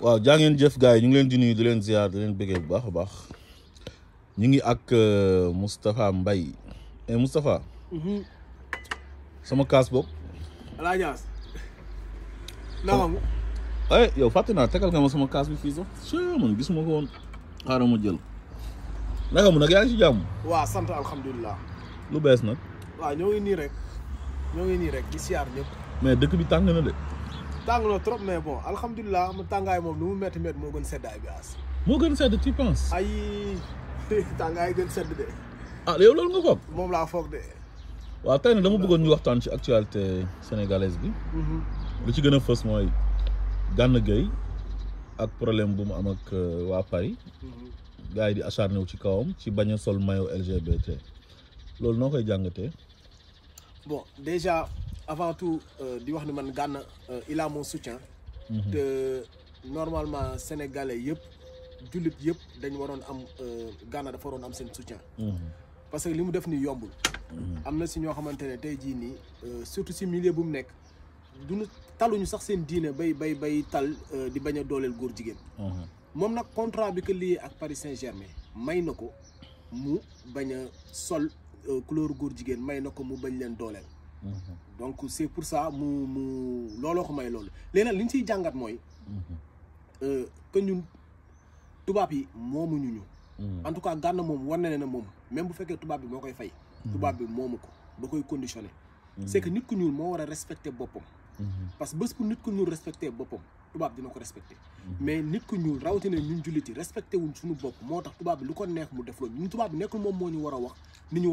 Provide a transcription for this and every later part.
waaw jaa ngeen jëf gars yi ñu ngi leen di nuyu di leen ziar di leen bëggee bu baax a baax ñu ngi ak euh, Moustapha Mbaye eh Moustapha. Mhm. sama kaas boobu. alaajaas. naam. eh yow fàtte naa tegal nga ma sama kaas bi fii sax sëñ man gisuma ko woon xaaral ma jël naka mu nag yaa ngi ci jàmm. waaw sant alhamdulilah. lu bees nag. waaw ñoo ngi nii rek ñoo ngi nii rek di siyaar ñëpp. mais dëkk bi tàng na de tang na trop mais bon alhamdulilah mo tangay mom lu mu métti métti moo gën sedday bi as. mo gën sedd tu penses. ay tangay gën sedd de. ah yow lolou nga foog. mom la foog de. wa tay na dama bëggoon ñu waxtaan ci actualité sénégalaise bi. Mhm. lu ci gëna fess moy mooy gay ak problème bu mu am ak euh, wa Paris. Mhm. gars di acharné wu ci kawam ci baña sol maillot LGBT lolou nokay koy bon déjà avant tout euh, di wax ni man Gana euh, il a mon soutien. De mhm. normalement sénégalais yëpp jullit yëpp dañ waroon am euh, Gana dafa waroon am seen soutien. Mhm. parce que li mu def nii yombul. Mhm. am na si ñoo xamante ne tey surtout si milieu bu mu nekk duñu taluñu sax seen diine bay bay bay tal di bañ a dooleel góor jigéen. moom contrat bi ko lié ak Paris Saint-Germain may na ko mu bañ sol couleur góor jigéen may na ko mu bañ leen dooleel. Mhm. donc c'est pour ça que je suis là. Ce que ñun mhm. en tout cas même bu féké tubab bi fay mhm. tubab bi conditionné c'est que nit ku ñuul mo wara parce que nous bu nit ku ñuul respecter bopom tubab dina ko mais nit ku ñuul né ñun julliti respecter wuñ suñu bop motax tubab le lu ko neex mu def lo ñun tubab bi ñu war wax ni ñu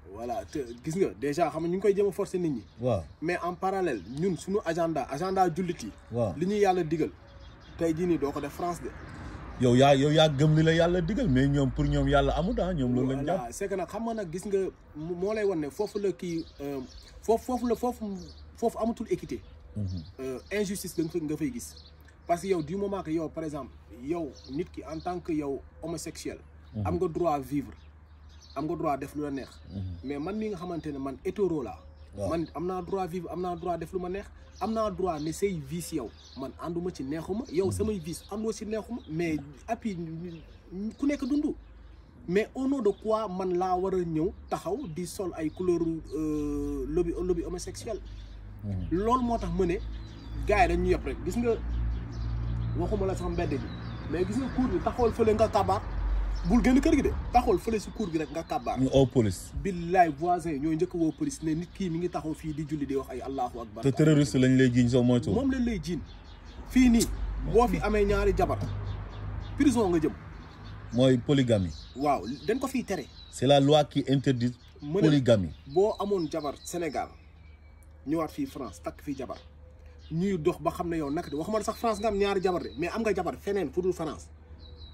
voilà déjà Nous, nga ñu forcer mais en parallèle ñun suñu agenda agenda l'agenda li ñuy France de. yow yow gëm li la mais pour c'est que nag xam nga nga lay équité. Mhm. Euh, injustice parce que du moment que par exemple en tant que yow homosexuel. Mhm. am nga droit vivre am nga droit def lu la neex. Mhm. mais man mi nga xamantene man hétéro laa. man amna droit vivre amna droit def lu ma neex am droit ne sey vices yow man anduma ci neexuma yow mhm. samay vices àndoo ci neexuma mais api ku nek dundu mais au nom de quoi man la wara ñew taxaw di sol ay couleur euh lobby lobby homosexuel. Mhm. loolu motax tax gaay ne gars dañ ñu yëpp rek gis nga waxuma la sax mbedd bi mais gis nga cour bi taxawal fele nga kabaar. bul génn kër gi de taxawal fële si cour bi rek nga kàbbaar ñu oo police billaay voisin ñooy njëkk woo police ne nit kii mi ngi taxaw fii di julli di wax ay allahu akbar te terroriste lañ lay jiiñ soo moytu moom lañ lay jiiñ fii nii boo fi amee ñaari jabar prison nga jëm mooy polygamie waaw dañ ko fiy tere c'est la loi qui interdit polygamie boo amoon jabar Sénégal ñëwaat fii France takk fii jabar ñuy dox ba xam ne yow naka de waxuma sax France nga am ñaari jabar mais am nga jabar feneen fu dul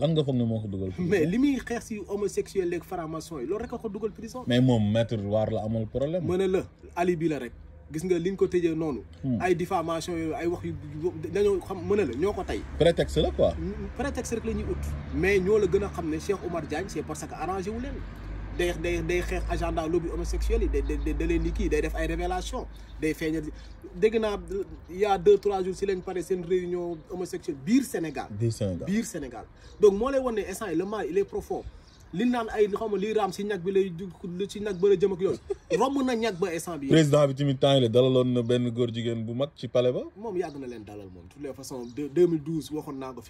lan ne moo ko mais li muy xeex si homosexuel leeg franc yi loolu rek a ko dugal prison. mais moom maître waar la amul problème. alibi la rek gis nga li ko tëjee noonu. Hmm. ay diffamation ay wax yu dañoo xam ko prétexte quoi. Hmm, prétexte rek la ñuy mais ñoo la gën a ne Cheikh Oumar Diagne c'est parce que arrangé wu des des des xeex agenda lobby homosexuel des des day da leen di kii day def ay révélation day feeñal dégg y a deux trois jours si une pare seen réunion homosexuelle biir Sénégal. biir Sénégal Sénégal. donc moi lay wan ne instant le mal il est profond li naan ay xaw ma liy raam si ñag bi lay si ñag ba la jëm ak yooyu rom na ñag ba instant bi président bi tamit temps il est dalaloon na ben góor jigéen bu mag ci palais ba. moom yàgg na dalal moom toutes les façons 2012 waxoon naa ko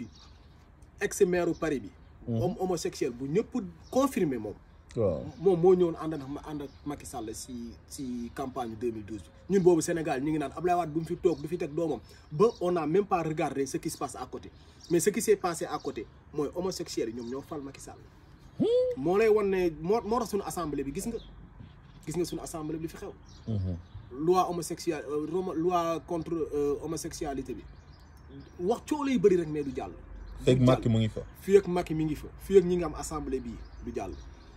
ex maire Paris bi. Hum. homme homosexuel bu pouvez confirmé moom waaw moom moo ñëwoon ànd ak ma Macky Sall si si campagne 2012 bi ñun boobu Sénégal ñu ngi naan Abdoulaye Wade bu mu fi toog du fi teg doomam ba on a même pas regardé ce qui se passe à côté mais ce qui s'est passé à côté mooy homosexuels yi ñoom ñoo fal Macky Sall moo lay wan ne moo moo tax suñu assemblée bi gis nga gis nga suñu assemblée bi fi xew mhm. loi homosexuel euh, loi contre euh, homosexualité bi wax coow lay bëri rek mais du jàll fii ak Macky mu ngi fa fii ak Macky mi ngi fa fii ak ñi nga am assemblée bii du jàll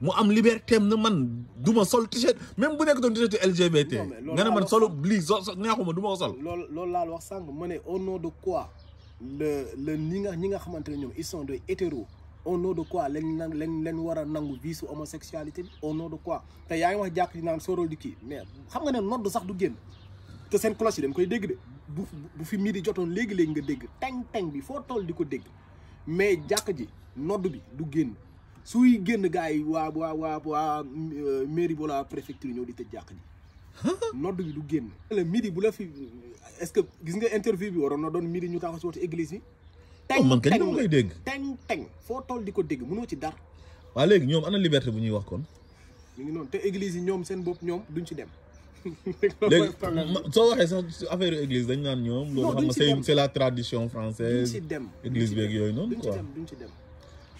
mu am liberté am na man du ma sol t-shirt même bu nekk doon t-shirt LGBT. nga ne man solo lii so neexuma du ma ko sol. lool loolu laa wax sànq ma ne au nom de quoi nga ñi nga xamante ne ñoom ils sont au nom de quoi lañ nang lañ leen war a nangu bii su homosexualité bi au nom de quoi te yaa ngi wax jàkk yi naan sorol di kii mais xam nga ne nodd sax du génn te seen cloche yi dañ koy dégg de bu bu fi di jotoon léegi-léegi nga dégg teng teng bi foo toll di ko dégg mais jàkk ji nodd bi du génn. suy génn gars yi waa waa waa waa euh, mairie wala préfecture ñëw di tëj jàkk ji nodd bi du génn le midi bu la fi est-ce que gis nga interview bi waroon na doon midi ñu taxaw si watu église bi oh, man kañ dama koy dégg teng teng foo toll di ko dégg mënoo ci dara waaw léegi ñoom ana liberté bu ñuy wax kon ñu ngi noonu te église yi ñoom seen bopp ñoom duñ ci dem léegi soo waxee sax affaire église dañ naan ñoom loolu xam nga c'est la tradition française église beeg yooyu noonu quoi duñ ci dem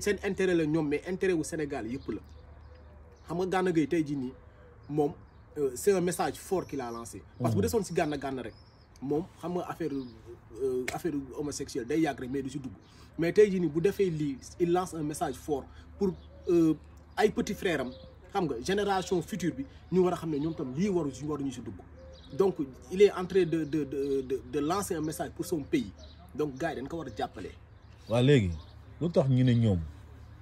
seen intérêt la ñom mais intérêt wu Sénégal yépp la xam nga Gana Gueye tey jii nii mom euh, c'est un message fort qu'il a lancé. parce que bu mhm. son si Gana Gana rek mom xam nga affaire euh, affaire homosexuelle day yàgg rek mais du ci dugg mais tay jii nii bu défé li il lance un message fort pour euh, ay petit frère am xam nga génération future bi ñu wara xamné ñom tam li waru ci waru ñu ci dugg donc il est en train de de de de lancer un message pour son pays donc gars dañ ko wara jappalé wa légui lu ñu ne ñom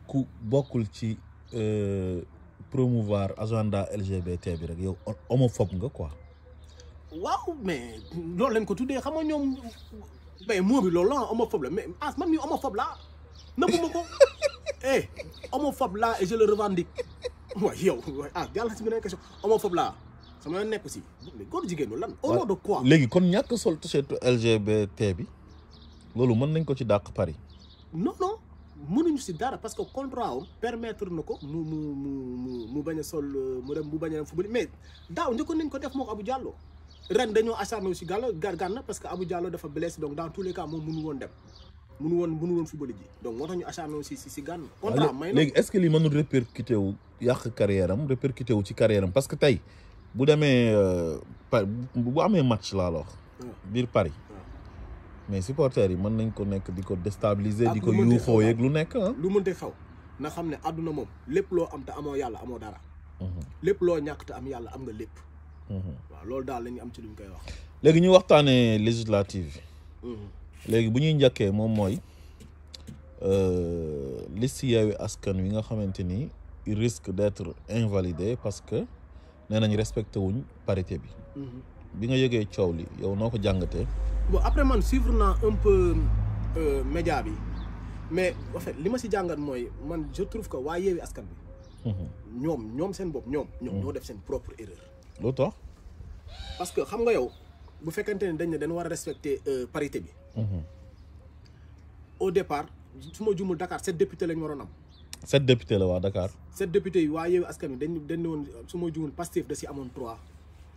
ku bokul ci euh, promouvoir agenda LGBT bi homophobe nga quoi. waaw mais lañ ko homophobe mais homophobe eh homophobe et je le revendique Wa yow ah question homophobe la sama un nekk si mais lan. au nom de quoi kon sol que LGBT bi mën Paris. non non mënuñu dara parce que contrat permettre ko mu mu mu mu sol mu mais def Diallo ren aussi parce que donc dans tous les cas donc est ce que li mënul répercuté wu carrière carrière parce que tey bu demee euh, bu match laa la Paris mais supporters yi mën nañ ko nekk di ko déstabiliser di ko yuuxoo yeeg lu nekk ah lu mënte xaw na xam ne àdduna moom lépp loo am te amoo yàlla amoo dara mhm. lépp loo ñàkk te am yàlla am nga lépp mhm. waaw loolu daal la ñu am ci luñ koy wax léegi ñu waxtaanee législative mhm. léegi bu ñuy njëkkee moom mooy euh, liste Yewwi Askan Wi nga xamante ni il risque d'être invalidé parce que nee nañ respecté wuñ parité bi bi nga yëgee coow li yow noo ko jàngatee bon après man suivre na un peu euh, média bi mais en fait li ma si jàngat moy man je trouve que waa yeewi askan bi. Mhm. ñom ñom sen bop ñom ñom mhm. ñoo def sen propre erreur. lo tax parce que xam nga yow bu fekkante ne dañ ne dañ wara respecter euh, parité bi. Mhm. au départ suma jumul Dakar sept députés lañ waroon am. sept députés la wa Dakar. sept députés yi waa askan dañ dañ ne woon su jumul Pastef da ci amone trois.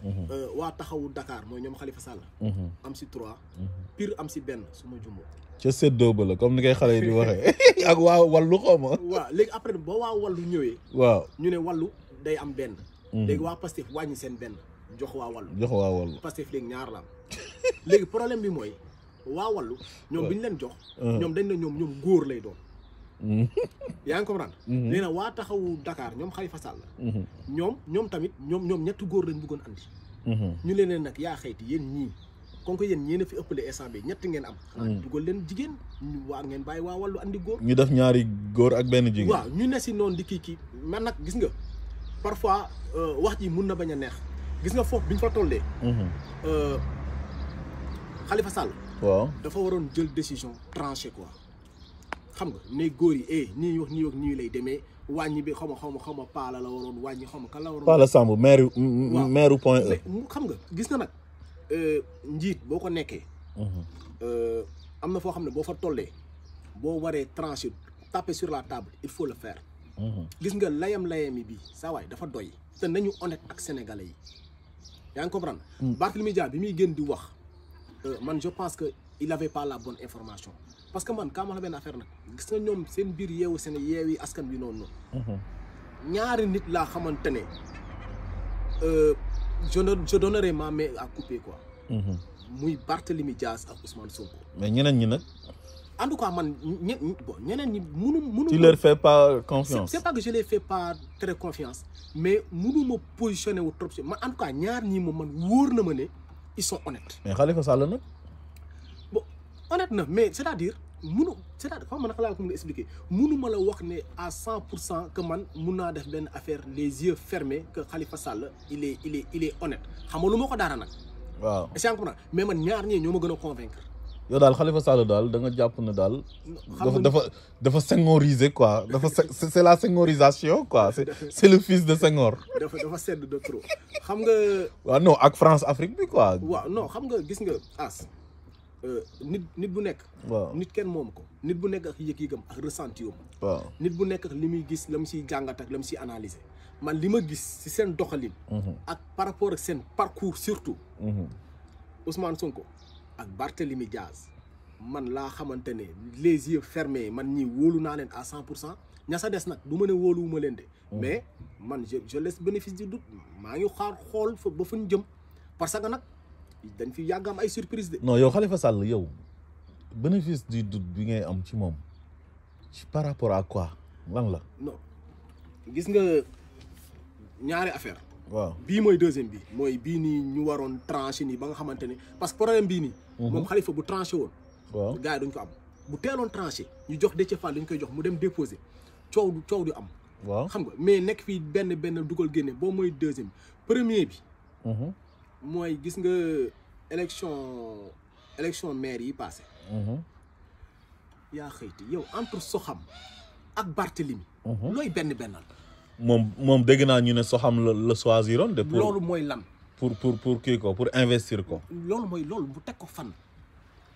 Mm-hmm. Euh, waa taxawu Dakar mooy ñoom Khalifa Sall. Mm-hmm. am si trois. Mm-hmm. pire am si benn suma ma jumoo. ca séddoo ba la comme ni ngay xale yi di waxee. ak waa wallu xaw ma. waaw léegi après ba waa wallu ñëwee. waaw ñu ne wallu day am benn. léegi waa Pastef wàññi seen benn jox waa wallu. jox waa wallu Pastef léegi ñaar la am. léegi problème bi mooy waa wallu. ñoom bi ñu leen jox. Uh-huh. ñoom dañ ne ñoom ñoom góor lay doon. yaa ngi comprendre mhm. nee na waa taxawu dakaar ñoom Khalifa Sall mhm. ñoom ñoom tamit ñoom ñoom ñetti góor lañ bëggoon andi mhm. ñu leen leen nag yaa xayti yéen ñi kon ko yéen ñeena fi ëppale instant bi ñetti ngeen am xanaa dugal leen jigéen ñu ngeen bàyyi waa wàllu andi góor ñu def ñaari góor ak benn jigéen waaw ñu ne si noon di kii kii man nag gis nga parfois euh, wax ji mun na bañ a neex gis nga foofu bi ñu fa tollee euh, Khalifa Sall waaw dafa waroon jël décision tranchée ko xam nga ne góor yi eh nii wax nii wax nii lay demee wàññi bi xaw ma xaw paala la waroon wàññi la waroon. maire maire point E. xam nga gis na nag euh, njiit boo ko nekkee. Mhm. Euh, am na foo xam ne fa tollee boo waree tranché taper sur la table il faut le faire. Mhm. gis nga layam-layam yi bii saa waay dafa doy. te nañu honnête ak sénégalais yi yaa ngi comprendre. media mm. bi muy gën di wax. Euh, man je pense que il avait pas la bonne information parce que man kaa ma la une affaire nag gis na ñoom seen une yeewu seen yeewi askan bi non noonu mhm. ñaari nit la xamante ne euh, je je donnerai ma main à couper quoi mhm. muy Barthélemy Dias ak Ousmane Sonko mais ñeneen ñi nag en tout cas man ñe bon ñeneen ñi tu leur fais pas confiance c'est pas que je les fais pas très confiance mais munu ma positionné wu trop man en tout cas ñaar ñii moom man wóor na ma ils sont honnêtes. mais Khalifa Sall non bon honnête non. mais cest à dire munu c'est à dire comment on a expliquer munu la à 100% que man mun def les yeux fermés que Khalifa Sall il est il est il est honnête Je ne sais pas ko que je waaw et mais man ñaar ñi convaincre yow daal Khalifa Sall daal da nga jàpp ne daal. dafa dafa dafa sengoriser quoi dafa c'est c'est la sengorisation quoi c'est c'est le fils de Senghor. dafa dafa sedd de trop xam nga. waaw non ak France Afrique bi quoi. waaw non xam nga gis nga as. Euh, nit nit bu nekk. waaw nit kenn moom ko. nit bu nekk ak yëg-yëgam ak ressenti waaw nit bu nekk ak li muy gis la mu siy jàngat ak la mu siy analyser man li ma gis si seen doxalin. Mhm. ak par rapport ak seen parcours surtout. Mhm. Ousmane Sonko ak Barthélemy Diaz man la xamantene les yeux fermés man ni woluna naa à 100% pour cent ña sa des nag du ma ne wóoluwuma len de. Mm. mais man je je laisse bénéfice du doute ma ngi xaar xol fa ba fu jëm parce que nak dañ fi yàgg am ay surprise de. non yow Khalifa Sall yow bénéfice du doute bi ngay am ci mom ci par rapport à quoi lan la. non gis nga ñaari affaire waaw deuxième bi tranché parce que problème que mhm. Khalifa tranché gars duñ ko tranché ñu jox Fall vous koy jox mu dem déposé du du am mais deuxième premier bi mhm. gis nga élection élection maire yi passé mhm. a yow entre soham ak ben mom dégg ne soxam la de pour pour pour pour pour investir ko loolu mooy loolu bu teg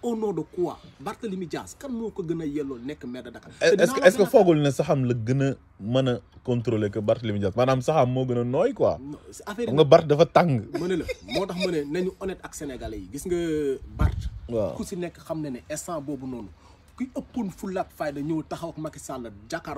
au nom de quoi Barthélemy Dias kan est-ce que est-ce que foogul ne saxam la gën contrôler que Barthélemy Dias maanaam saxam moo gën a quoi affaire nga Barth dafa tàng ma la moo tax ma honnête ak sénégalais yi gis nga ku si nekk xam ne ne instant boobu noonu kuy ëppoon fayda taxaw ak Dakar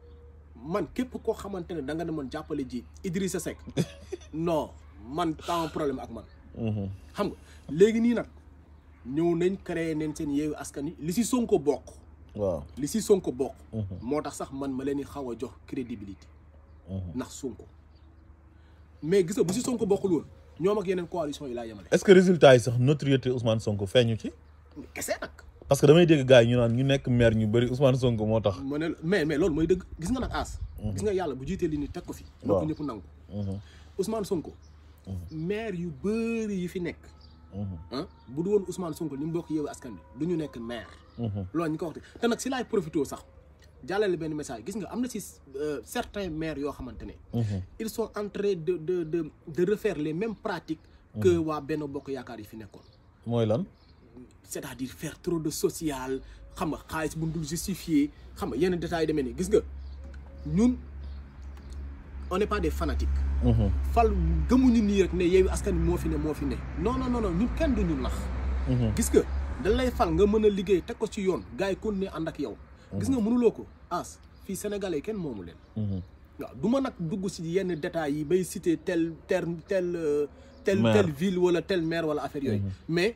man képp koo xamante ne da nga demoon jàppale ji sa Seck non man tant problème ak man. Mhm. xam nga léegi nii nag ñëw nañ créé nañ seen askan wi li si Sonko bokk. waaw li si Sonko bokk. Mhm. moo tax sax man ma leen di xaw a jox crédibilité. Mhm. ndax Sonko mais gis nga bu si Sonko bokkul woon ñoom ak yeneen coalition yi laa yemale. est-ce que résultat yi sax notoriété Ousmane Sonko feeñu ci. kese nag. parce que damay dégg gars yi ñu naan ñu nekk maire ñu bëri Ousmane Sonko moo tax. ma ne mais mais loolu mooy dëgg gis nga nag aas. Mhm. gis nga yàlla bu jiitee li ni teg ko fi. waaw ko ñëpp nangu. Mhm. Ousmane Sonko. Mhm. maire yu bëri yi fi nekk. Ah bu du woon Ousmane Sonko ni mu bokk yeewu askan bi du ñu nekk maire. loolu ñu ko wax te nag si laay profité sax jàllale benn message gis nga am na si euh, certains maire yoo xamante ne. ils sont en de de de de refaire les mêmes pratiques. que waa benn bokk yaakaar yi fi nekkoon. mooy lan. c'est-à-dire faire trop de social xam xaliss xam on n'est pas des fanatiques. Mhm. fal gëmuñu ni rek né, askan fi fi non non non ñun kenn duñu pas mhm. gis nga dañ lay fal nga mëna liggéey ko ci yoon gaay yow. Mhm. nga sénégalais kenn Nous waaw dugg détails yi bay citer tel terme tel. telle euh, ville ou tel mer, affaire mais.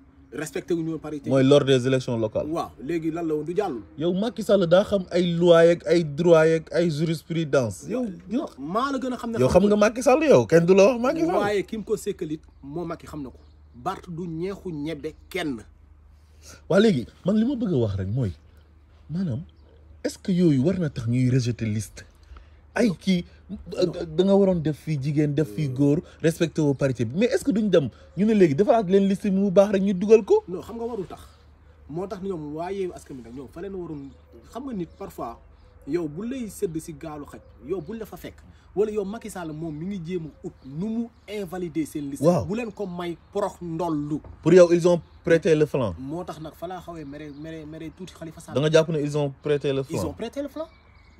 respecté wu parité. mooy lors des élections locales. waaw léegi lan la woon du yow Macky Sall da xam ay loi ak ay droit ak ay jurisprudence. yow yow maa la gën xam ne. yow xam nga Macky Sall yow kenn du la wax Macky Sall. waaye kim ko sekkal mo moo Macky xam nako. Bart du ñeexu ñebbe kenn. Wa légui, man li bëgg wax rek moy manam est-ce que yoyu war na tax ñuy rejeter liste ay kii. Euh, da nga waroon def fii jigéen def fii góor respecté wu parité bi mais est ce que duñ dem ñu ne léegi defaraat leen liste bi mu baax rek ñu dugal ko. non xam nga warul tax moo tax ñoom waa Yewwi Askan Wi nag ñoom fa leen waroon xam nga nit parfois yow bu lay sëdd si gaalu xaj yow buñ la fa fekk wala yow Macky Sall moom mi ngi jéem a ut nu mu invalider seen liste. bu leen ko may porox ndollu. pour yow ils ont prêté le flanc. moo tax nag fa laa xawee mere mere tuuti xalifa Sall. da nga jàpp ne ils ont prêté le flanc.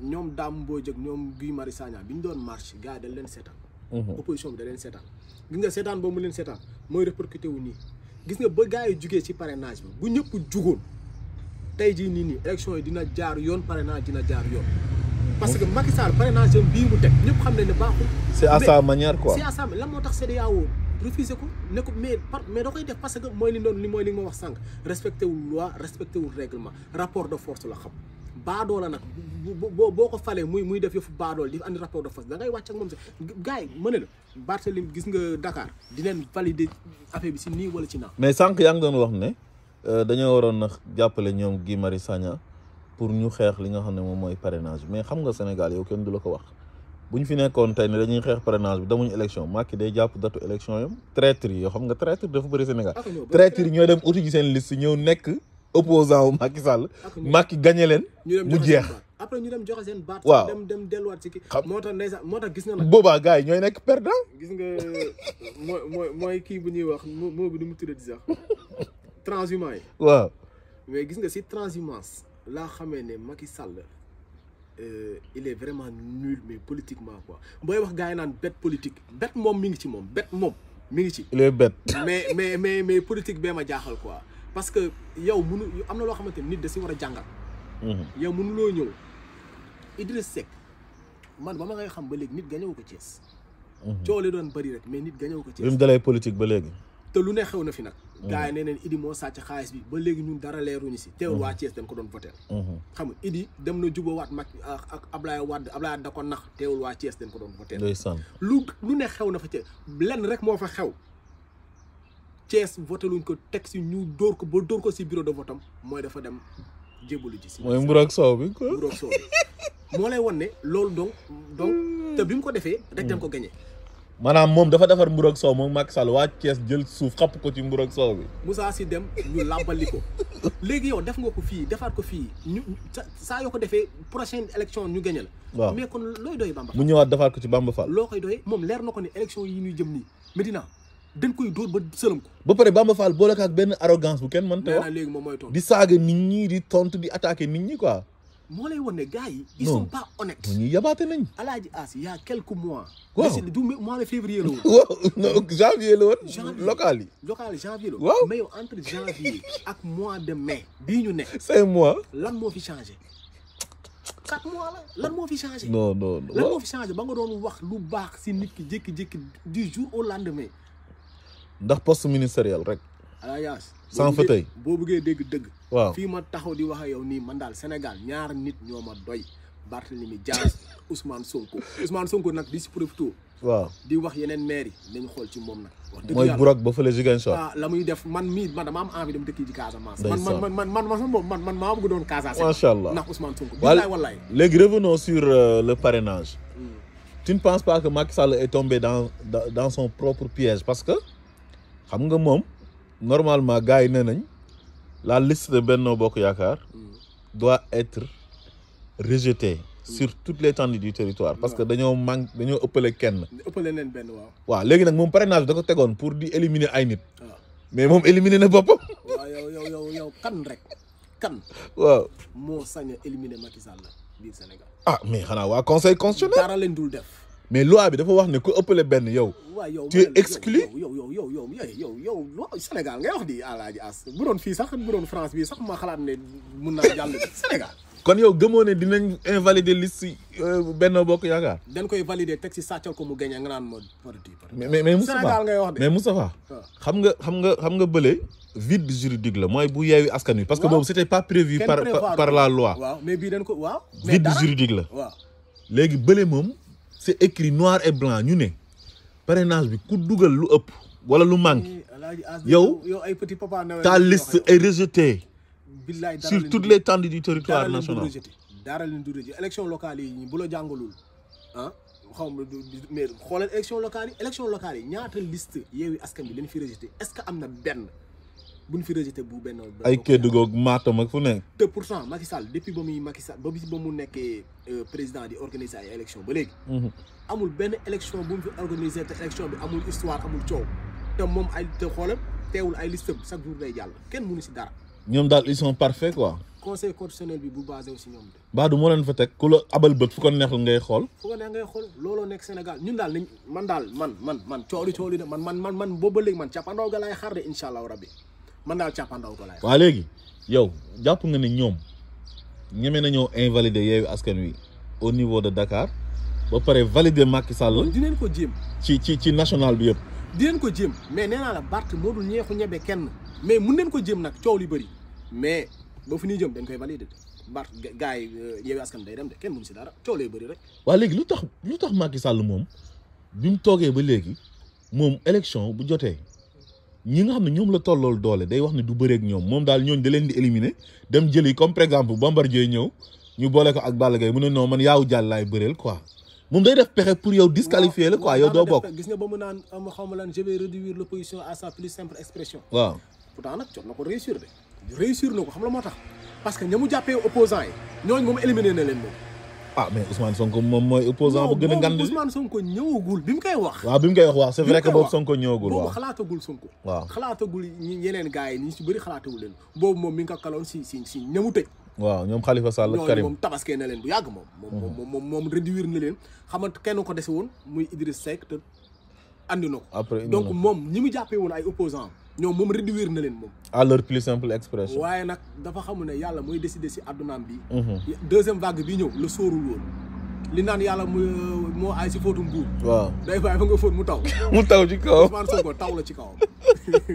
ñom Guy Sagna doon marche mhm. opposition bi leen nga sétan bo mu leen sétan moy wu ni gis nga ba gars ci parrainage bu ñepp jugoon tay ji ni ni élection yi dina jaar yoon parrainage dina jaar yoon. parce que Macky Sall parrainage bi mu teg ñepp xam nañ ne c'est à sa manière quoi. c'est à sa lan tax refusé ko ne ko mais mais da koy parce que moy li non li moy li nga wax sank respecté loi respecté wu règlement rapport de force la baadoola nag boo boo ko falee muy muy def yëfu baadool di andi rapport de force da ngay wàcc ak moom sax gars yi la Barthélémy gis nga Dakar di leen valider affaire bi si nii wala ci naa mais sànq yaa ngi doon wax ne euh, dañoo waroon na jàppale ñoom Guy Marius Sagna pour ñu xeex li nga xam ne moom mooy parrainage mais xam nga Sénégal yow kenn du la ko wax bu ñu fi nekkoon tey ne dañuy xeex parrainage bi damuñu élection Macky day jàpp datu élection yam traître yi yoo xam nga traître ah, ñëw nekk opposant Macky Sall. Macky gagné len mu jeex après ñu dem joxe sen baat. dem dem delluwaat ci kii. xam moo tax ndeysaan tax gis na nag. boobaa gars yi ñooy perdant. gis nga moy moy mooy kii bu ñuy wax moo bi nu mu tuddati sax transhumance yi. waaw mais gis nga ci transhumance la xamé né Macky Sall euh, il est vraiment nul mais politiquement quoi booy wax gars yi naan bête politique bête mom mi ngi ci mom bête mom mi ngi ci. il est bête mais mais mais mais politique bee ma jaaxal quoi. parce que yow mënu am na loo xamante nit da si war a jàngal. Mhm. yow loo ñëw Idriss Seck man ba ma ngay xam ba léegi nit gañewu ko Thiès. Mhm. coow li doon bëri rek mais nit gañewu ko Thiès. bi mu ba léegi. te lu ne xew na fi nag. Mhm. gars yi nee neen Idi moo sàcc xaalis bi ba léegi ñun dara leeruñu si. teewul waa Thiès dañ ko doon voté. xam nga Idi dem na jubawaat mag ak Ablaye Wade Ablaye da ko nax teewul waa Thiès dañ ko doon voté. lu lu ne xew na fa Thiès lenn rek moo fa xew. Thiès lu luñ ko teg si ñu dóor ko ba dóor ko si bureau de vote mooy dafa dem jébalu ji si. mooy mburu ak soow bi quoi mburu ak moo lay wan ne loolu donc donc hmm. te bi mu ko defee. rek dem ko hmm. gagné. maanaam moom dafa defar mburu ak soow moom Macky Sall waa Thiès jël suuf xapp ko ci mburu ak soow bi. dem ñu làbbali ko léegi yow def nga ko fii defaat ko fii ñu saa yoo ko defee prochaine élection ñu gagné la. waaw kon looy doy Bamba. mu ñëwaat defaat loo koy doy moom leer na ko ne élection yi ñuy jëm nii Medina. dañ koy dool ba sëlëm ko ba pare Bamba Fall boole ko ak benn arrogance bu kenn man te wax léegi moom di saaga nit ñi di tontu di attaqué nit ñi quoi moo lay wan ne gars yi ils sont pas honnêtes ñu yabaate nañ alaaji as y a quelques mois waaw du mois de février la janvier la woon janvier local yi local yi janvier la waaw mais yow ak mois de mai bii ñu ne cinq mois lan moo fi changé quatre mois la lan moo fi changé non non lan ba nga doon wax lu baax si nit ki jékki-jékki du jour au lendemain ndax poste ministériel rek. alayaas sans fauteuil boo bëggee dégg dëgg. waaw fi ma taxaw di wax yow ni man dal Sénégal ñaar nit ñoma ma doy Barthélemy Dias Ousmane Sonko Ousmane Sonko nak di si profité. waaw di wax yenen maire yi xol ci mom nak moy dëgg Burak ba feulé Ziguinchor. ah la muy def man mi man dama am envie dem dëkk ci Casamance. man man man man man man man maa bëgg doon Casamance. macha allah ndax Ousmane Sonko. wallaay wallaay léegi revenons sur euh, le parrainage. Mm. tu ne penses pas que Macky Sall est tombé dans dans son propre piège parce que xam nga moom normalement gars yi nañ la liste de Benno Bokk Yaakaar doit être rejetée sur toutes les du territoire parce que dañoo man, dañoo ëppale kenn. ëppale leen benn waaw. waaw léegi nag moom parrainage da ko tegoon pour di éliminer ay nit. Ah. mais moom éliminer na boppam. waaw yow yow yow yow kan rek kan. waaw moo sañ a éliminer Macky Sall biir Sénégal. ah mais xanaa waa conseil constitutionnel. dara leen dul def mais loi bi dafa wax ne ko ëppale ben yow. tu es exclu. yow yow yow yow yow yow loi Sénégal ngay wax di alaaji as bu doon fii sax bu doon France bi sax ma xalaat ne mun naa jàll Sénégal. kon yow gëmoo ne dinañ invalider liste euh, Benno Bokk Yaakaar. dañ koy valider teg si sàccal ko mu gagné nga naan ma. mais mais mais Moustapha mais Moustapha ah. xam nga xam nga xam nga bële. vide juridique la mooy bu yeewi askan wi. parce que boobu c'était pas prévu. par par la loi. waaw mais bii dañ ko waaw. vide juridique la. waaw léegi bële moom c'est écrit noir et blanc ñu ne parrainage bi ku dugal lu ëpp wala lu manqué yow ta liste est rejetée sur toutes les l'étendue du territoire national dara leen élection locale yi bu la jàngalul ah xaw ma mais xoolal l'élection locale yi élection locale yi ñaata liste yeewi askan bi leen fi rejeté est-ce que am na buñ fi rejeté bu ben ay Kédougou ak Matam ak fu nekk. 2% Macky Sall depuis ba muy Macky Sall ba bis ba mu nekkee euh, président di organiser ay élection ba léegi. Mhm. amul ben élection buñ fi organiser te élection bi amul histoire amul ciow té mom ay te xoolam teewul ay listam chaque jour day jall ken mënu ci dara. ñom dal ils sont parfaits quoi. conseil constitutionnel bi bu basé wu ñom ñoom ba du mo leen fa tek ku la abal bët fu ko neex ngay xol fu ko neex ngay xol lolo nekk Sénégal ñun dal man dal man man man coow li coow man man man bo ba léegi man pando ga lay xar de inshallah allah rabbi man daal càppandaw ko laay. waaw léegi yow jàpp nga ne ñoom ñeme nañoo invalider yeewu askan wi au niveau de Dakar ba pare valider Macky Sall. dinañ ko jéem. ci ci ci national bi yëpp. dinañ ko jéem mais nee naa la Bart moo dul ñeexu ñebe kenn mais mun nañ ko jëm nag coow li bëri mais ba fu ñuy jëm dañ koy valider Bart gars yi euh, yeewu askan day dem de kenn mënu si dara coow lay bëri rek. waa léegi lu tax lu tax Macky Sall moom bi mu toogee ba léegi moom élection bu jotee. ñi nga xam ne ñoom la tollool doole day wax ne du bëreeg ñoom moom daal ñooñu da leen di éliminer dem jëli comme par exemple Bombardier ñëw ñu boole ko ak Balla Gaye mu ne non man yaaw jàll laay bëreel quoi moom day def pexe pour yow disqualifier la quoi yow doo bokk. gis nga ba mu naan xaw ma lan je vais réduire l'opposition à sa plus simple expression. waaw pourtant nag jot na ko réussir de. réussir na ko xam la moo tax parce que ña mu jàppee opposants yi ñooñu moom éliminer na ah mais Ousmane Sonko moom mooy opposant bu gën a ngand Ousmane Sonko ñëwagul bi mu koy wax waaw bi mu koy wax waaw c'est vrai boobu Sonko ñëwagul waaw ko kaloon si si ñoom Khalifa Sall ak Karim tabaskee na leen bu yàgg moom moom moom mhm. moom na leen xam kenn ko dese muy Idriss Seck te andi ko après moom ñi mu jàppee woon ay opposant ñoom réduire na à leur plus simple expression. waaye nak dafa ne yàlla mooy décider si mhm. deuxième vague bi le le sóorul woon. li naan yàlla mu moo aay si fóotu mbuur. waaw fa nga fóot mu taw. mu taw ci kaw Ousmane Sonko taw la ci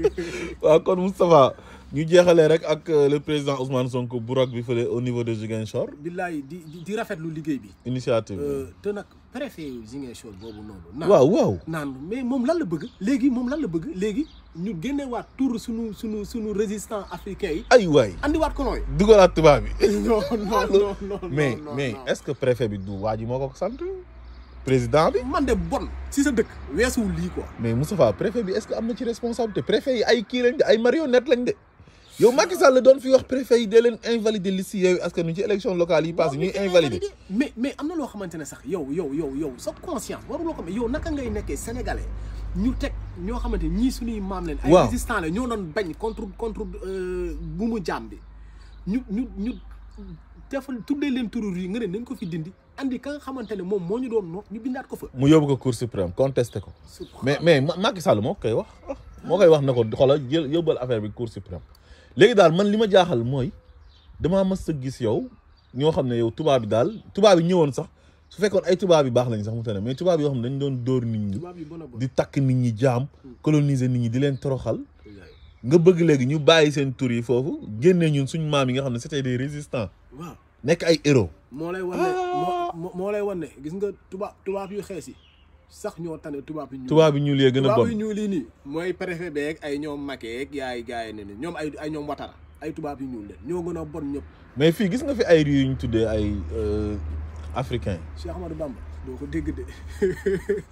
kon Moustapha ñu rek euh, le président Ousmane Sonko bu rag au niveau de Ziguinchor. di di initiative euh, préfet Ziguinchor boobu noonu. waaw waaw naan mais moom lan la bëgg. léegi moom lan la bëgg léegi ñu génnewaat tur suñu suñu suñu résistant africain yi. ay waay andiwaat ko nooy. dugalaat tubaab bi. non non non mais mais est ce que préfet bi du waa ji moo ko sant. président bi man de bon si sa dëkk weesuwul lii quoi. mais Moustapha préfet bi est ce que am na ci responsabilité préfet yi ay kii lañ de ay marionnette lañ de. Yo Macky Sall doon fi wax préfet yi de len invalider liste Yewwi Askan ñu ci élection locale yi paase ñuy invalider mais mais amna lo xamantene sax yow yow yow yow sa conscience lo ko mais yow naka ngay nekkee sénégalais ñu tek ño xamantene ñi suñuy mam leen ay résistant la ño doon bañ contre contre euh, bu mu jaam ñu ñu ñu defal tuddee leen turur yi nga ne nañ ko fi dindi andi ka nga xamante ne moom doon noot ñu bindat ko fa mu yóbbu ko cour suprême contesté ko mais mais Macky Sall mo koy wax mo koy wax nako ko xoolal jël yóbbal affaire bi cour suprême léegi daal man li ma jaaxal mooy damaa mas a gis yow ñoo xam ne yow tubaab bi daal tubaab yi ñëwoon sax su fekkoon ay tubaab yi baax lañ sax mu tane mais tubaab yoo xam ne dañ doon dóor nit ñi di takk nit ñi jaam hmm. coloniser nit ñi di leen toroxal nga bëgg léegi ñu bàyyi seen tur yi foofu génnee ñun suñ maam yi nga xam ne c'était des résistants waaw nekk ay héros moo lay wan ah. moo lay wan ne gis nga tubaab tubaab yu xees yi sax ñoo tane tubaab yu ñuul tubaab yu ñuul yee gën a bon tubaab yu ñuul yi mooy préfet beeg ay ñoom makeeg ne ñoom ay ay ñoom watara ay tubaab yu ñuul leen ñoo gën bon ñëpp mais fii gis fi ay réew yu ñu tuddee ay euh, africain Cheikh Amadou Bamba doo ko dégg de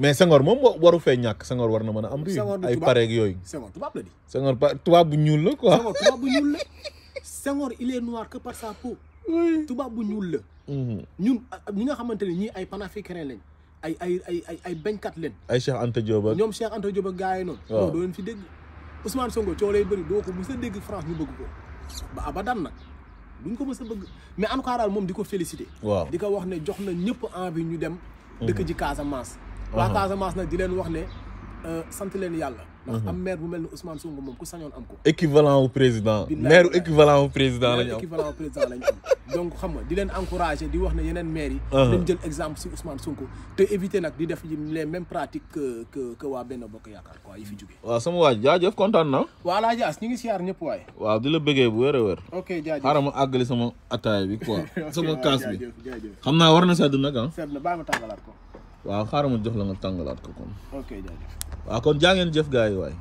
mais Senghor moom waru fee ñàkk Senghor war na mën a am réew ay pareeg yooyu Senghor tubaab la di Senghor tubaab bu ñuul la quoi Senghor tubaab bu ñuul la Senghor il est noir que par sa peau tubaab bu ñuul la mhm. ñun ah, ñi nga xamante ne ñii ay panafricain lañ ay ay ay ay ay bañkat leen. ay Cheikh Anta Diop ñoom Cheikh Anta Diop ak gars yi noonu. waaw doo leen fi dégg Ousmane Sonko coow lay bëri doo ko mës a dégg France ñu bëgg ko ba abadan nag duñ ko mës a bëgg mais en tout cas moom di ko félicité. waaw di ko wax ne jox na ñëpp envie ñu dem. dëkk ji mhm. Casamance. waa Casamance nag di leen wax ne euh, sant leen yàlla. ndax am mhm. maire bu mel ni Ousmane Sonko moom ku sañoon am ko. équivalent au président. maire équivalent équivalent au président la donc xam nga di leen encouragé di wax ne yeneen maire yi. dañ mhm. jël exemple si Ousmane Sonko. te éviter nag di def les mêmes pratiques que que waa benn bokk yaakaar quoi yi fi jógee. waaw sama waa jaajëf kontaan na. waa laa jaas ñu ngi siyaar ñëpp waaye. waaw di la bëggee bu wér a wér. ok jaajëf xaaral ma àggali sama ataay bi quoi. sama kaas bi xam naa war na sedd nag ah. sedd na bàyyi ma tàngalaat ko. waaw xaaral ma jox la nga tàngalaat ko kon. ok jaajëf. waaw kon jaa ngeen jëf gars yi waay.